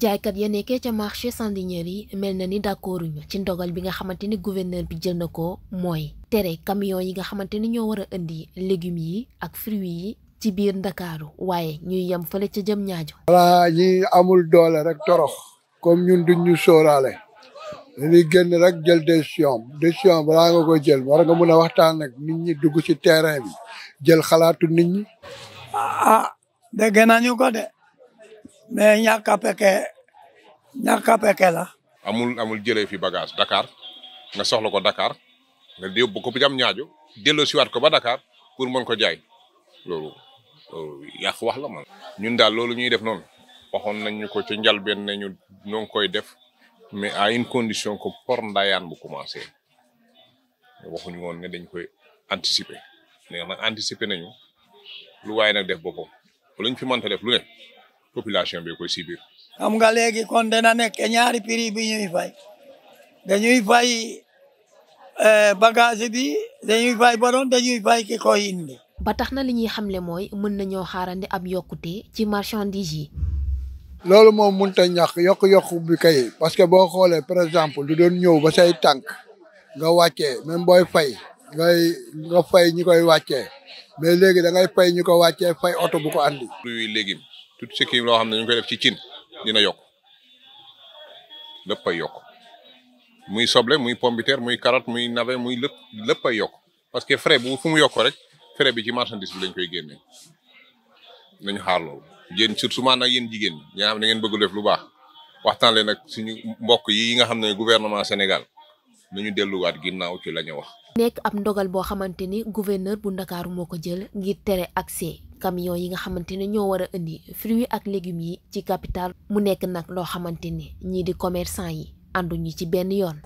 jaaykat ya nekkee ca marché Sandiniéry yi melna ni d'accorduñu ci ndogal bi nga xamante ni gouverneur bi jël na ko mooy tere kamiyon yi nga xamante ni ñoo war a indi légumes yi ak fruits yi ci biir ndakaaru waaye ñuy yem fële ca jëm ñaajo. voilà ñi amul doole rek torox comme ñun duñ ñu sóoraale. dañuy génn rek jël décision décision balaa nga koy jël war nga mun a waxtaan nag nit ñi dugg ci terrain bi jël xalaatu nit ñi. ah, ah dégg nañu de mais ñàkk a pekke ñàkk a pekke la. amul jële fi bagage Dakar nga soxla ko Dakar nga yóbbu ko jam ñaajo delloo siwaat ko ba Dakar pour mën ko jaay loolu loolu yàq wax la man. ñun daal loolu ñuy def noonu waxoon nañ ñu ko ci njalbeen ne ñu ñoo ngi koy def. mais à une condition que por ndaayaan bu commencé waxuñu woon ne dañ koy anticiper léegi nag anticiper nañu lu waaye nag def boppam luñ fi mënta def lu ne population bi koy subir. xam nga léegi kon dana nekk ñaari prix bi ñuy fay dañuy fay euh, bagage bi dañuy fay borom dañuy fay ki koy indi. ba na li ñuy xamle mooy mën nañoo xaarandi ab yokkute ci marchandise yi. loolu moom mënut a ñàkk yokk-yokk bi kay parce que boo xoolee par exemple lu doon ñëw ba say tànk nga wàccee même booy fay ngay nga fay ñi koy wàccee mais léegi na nga fay ñu ko wàccee fay oto bu ko andi. luy léegi tout ce qui loo xam ne ñu koy def ci cin dina yokk lépp ay yokk muy soble muy pomme muy carotte muy navet muy lépp lépp ay yokk parce que frais bu fu mu yokk rek frais bi ci marchandise bi lañ koy génne nañu xaar loolu yéen surtout maanaam nag yéen jigéen ñi nga xam ne ngeen bëgg def lu baax waxtaan leen nag suñu mbokk yi nga xam ne gouvernement Sénégal nañu delluwaat ginnaaw ci la ñu wax. nekk ab ndogal boo xamante ni gouverneur bu ndakaaru moo ko jël ngir tere accès camion yi nga xamante ne ñoo war a indi fruits ak légumes yi ci capital mu nekk nag loo xamante ni ñii di commerçant yi ànduñu ci benn yoon.